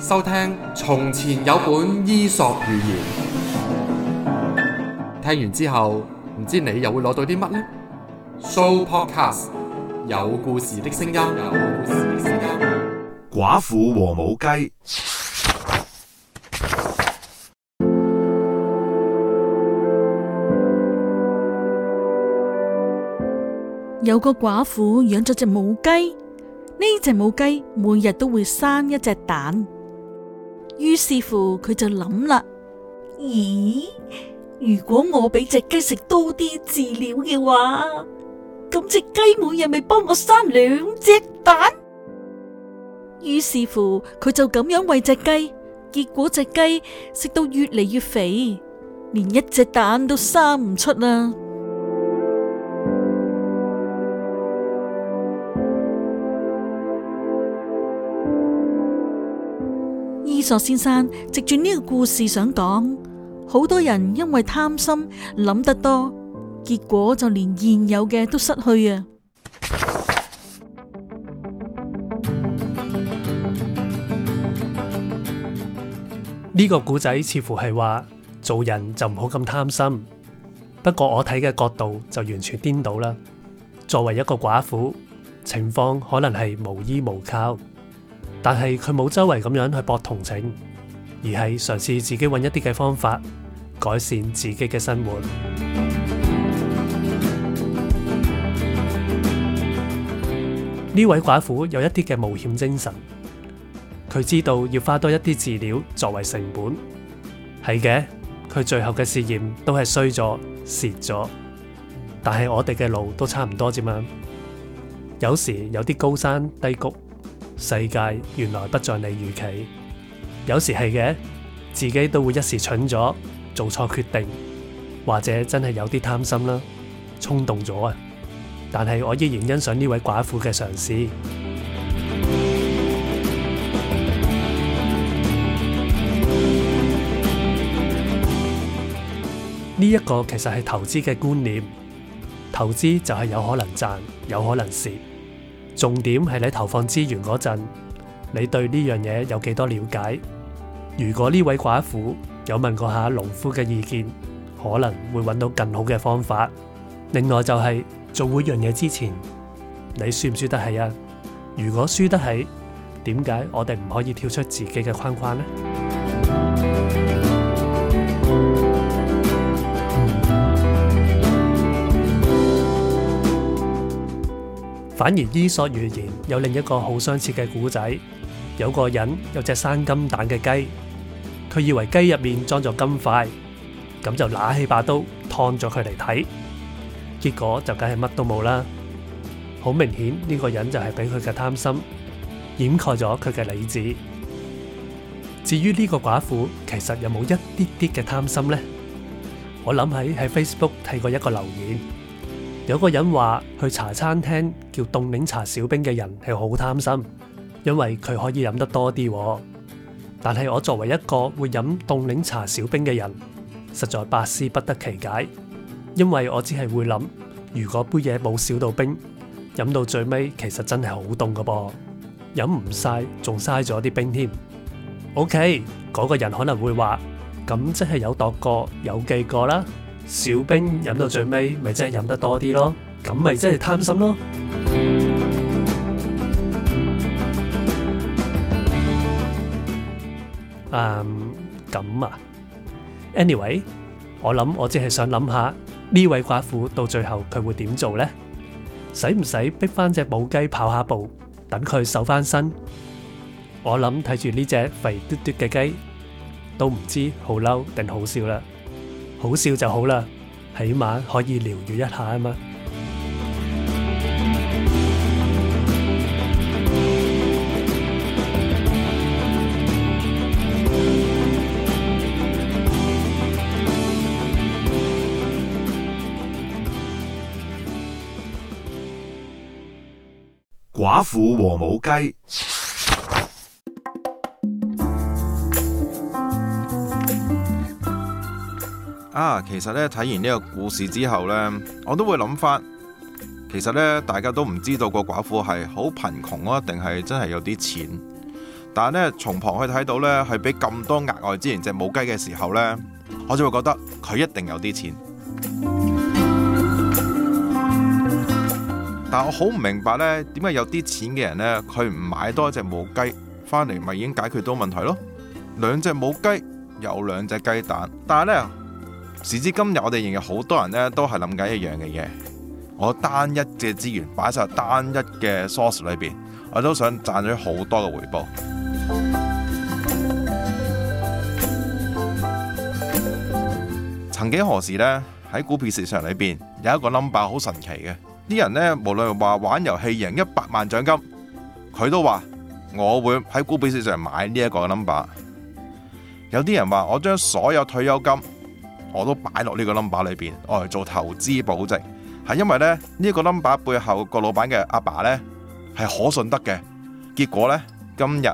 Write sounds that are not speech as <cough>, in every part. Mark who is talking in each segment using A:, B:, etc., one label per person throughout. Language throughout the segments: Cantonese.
A: 收聽從前有本伊索寓言，聽完之後唔知你又會攞到啲乜呢？Sooopodcast 有故事的聲音。寡婦和母雞。
B: 有個寡婦養咗隻母雞，呢隻母雞每日都會生一隻蛋。於是乎，佢就諗啦。咦，如果我俾隻雞食多啲飼料嘅話，咁隻雞每日咪幫我生兩隻蛋。於是乎，佢就咁樣餵隻雞，結果隻雞食到越嚟越肥，連一隻蛋都生唔出啦。伊索先生直住呢個故事想講，好多人因為貪心諗得多，結果就連現有嘅都失去啊！
C: 呢個古仔似乎係話做人就唔好咁貪心。不過我睇嘅角度就完全顛倒啦。作為一個寡婦，情況可能係無依無靠。但係佢冇周圍咁樣去博同情，而係嘗試自己揾一啲嘅方法改善自己嘅生活。呢 <music> 位寡婦有一啲嘅冒險精神，佢知道要花多一啲飼料作為成本。係嘅，佢最後嘅試驗都係衰咗，蝕咗，但係我哋嘅路都差唔多啫嘛。有時有啲高山低谷。世界原來不在你預期，有時係嘅，自己都會一時蠢咗，做錯決定，或者真係有啲貪心啦，衝動咗啊！但係我依然欣賞呢位寡婦嘅嘗試。呢一 <music> 個其實係投資嘅觀念，投資就係有可能賺，有可能蝕。重點係你投放資源嗰陣，你對呢樣嘢有幾多了解？如果呢位寡婦有問過下農夫嘅意見，可能會揾到更好嘅方法。另外就係，做每樣嘢之前，你輸唔輸得起啊？如果輸得起，點解我哋唔可以跳出自己嘅框框呢？反而伊索寓言有另一個好相似嘅古仔，有個人有隻生金蛋嘅雞，佢以為雞入面裝咗金塊，咁就揦起把刀劏咗佢嚟睇，結果就梗係乜都冇啦。好明顯呢個人就係俾佢嘅貪心掩蓋咗佢嘅理智。至於呢個寡婦，其實有冇一啲啲嘅貪心呢？我諗起喺 Facebook 睇過一個留言。有個人話去茶餐廳叫凍檸茶小冰嘅人係好貪心，因為佢可以飲得多啲。但係我作為一個會飲凍檸茶小冰嘅人，實在百思不得其解，因為我只係會諗，如果杯嘢冇少到冰，飲到最尾其實真係好凍㗎噃，飲唔晒仲嘥咗啲冰添。OK，嗰個人可能會話，咁即係有度過，有記過啦。小兵飲到最尾，咪真係飲得多啲咯，咁咪真係貪心咯。嗯，咁啊。Anyway，我諗我只係想諗下呢位寡婦到最後佢會點做呢？使唔使逼翻隻母雞跑下步，等佢瘦翻身？我諗睇住呢隻肥嘟嘟嘅雞，都唔知好嬲定好笑啦。好笑就好啦，起碼可以療愈一下啊嘛！
B: 寡婦和母雞。啊，其實咧睇完呢個故事之後呢，我都會諗翻，其實呢，大家都唔知道個寡婦係好貧窮啊，定係真係有啲錢？但係呢，從旁去睇到呢，係俾咁多額外支援隻母雞嘅時候呢，我就會覺得佢一定有啲錢。但係我好唔明白呢，點解有啲錢嘅人呢，佢唔買多一隻母雞翻嚟，咪已經解決到問題咯。兩隻母雞有兩隻雞蛋，但係呢。時至今日，我哋仍有好多人呢都係諗緊一樣嘅嘢。我單一隻資源擺曬單一嘅 source 裏邊，我都想賺咗好多嘅回報。曾幾何時呢，喺股票市場裏邊有一個 number 好神奇嘅。啲人呢，無論話玩遊戲贏一百萬獎金，佢都話我會喺股票市場買呢一個 number。有啲人話我將所有退休金我都擺落呢個 number 裏邊，我嚟做投資保值，係因為咧，呢、呢個 number 背後個老闆嘅阿爸呢係可信得嘅。結果呢，今日呢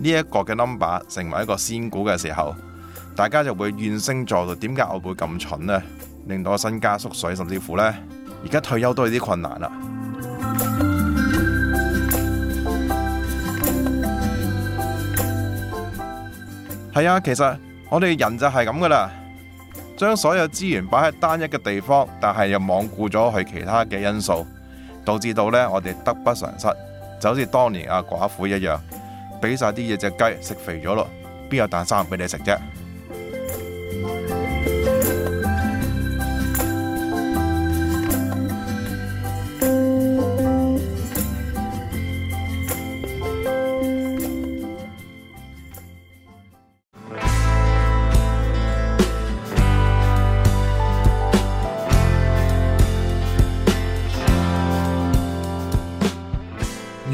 B: 一個嘅 number 成為一個仙股嘅時候，大家就會怨聲載道。點解我會咁蠢呢？令到我身家縮水，甚至乎呢而家退休都有啲困難啦。係 <music> 啊，其實我哋人就係咁噶啦。將所有資源擺喺單一嘅地方，但係又罔顧咗去其他嘅因素，導致到呢我哋得不償失，就好似當年阿寡婦一樣，俾晒啲嘢隻雞食肥咗咯，邊有蛋生俾你食啫？